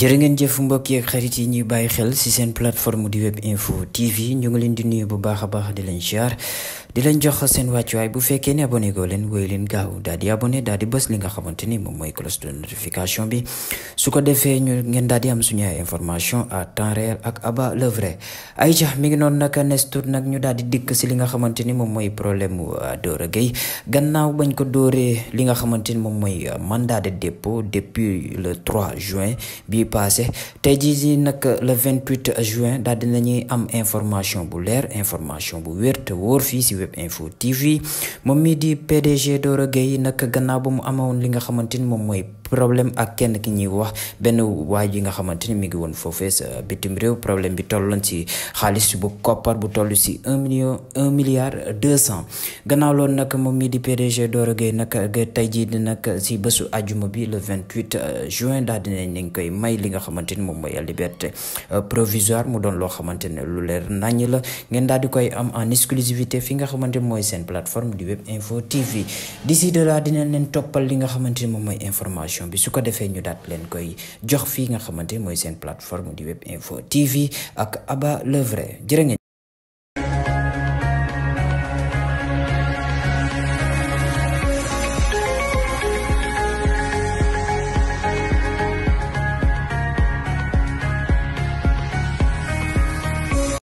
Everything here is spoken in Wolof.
jërë ngeen jëf mbokk yi ak xarit yi ñuy bàyyi xel ci seen plateforme di web info tv ñu ngi leen di nuyu bu baax a baax di leen siyaar di leen jox seen wàccuwaay bu fekkee ne abonné goo leen wooyu leen gaaw daal di abonné daal di nga xamante ni moom mooy cloche de notification bi su ko defee ñu ngeen daal di am suñu ay à temps réel ak Aba le vrai Aïcha mi ngi noonu nag nestour nag ñu daal di dikk si li nga xamante ni moom mooy problème mu euh, Doro Gueye gannaaw bañ ko dooree li nga xamante ni moom mooy euh, mandat de dépo depuis le trois juin bi passé tey jii nag le 28 juin daal di nañuy am information bu leer information bu wér te fii si web info tv moom mii di pdg Doro Gueye nag gannaaw ba mu amoon li nga xamante ni moom mooy problème ak kenn ki ñuy wax benn waay ji nga xamante ni mu ngi woon foofee sa bitim réew problème bi tolloon ci xaalis bu koppar bu toll ci un million un milliard deux cent gannaaw loolu nag moom mii di PDG Doro Gueye nag tey jii di nag ci bésu ajuma bi le 28 euh, juin daal dinañ lañ koy may li nga xamante ni moom mooy liberté euh, provisoire mu doon loo xamante lu leer nañ la ngeen daal koy am en exclusivité fi nga xamante mooy seen plateforme di web info tv d'ici de leen toppal li nga xamante moom mooy information bi su ko defee ñu daat leen koy jox fii nga xamante mooy seen plateforme di web info tv ak Aba le vrai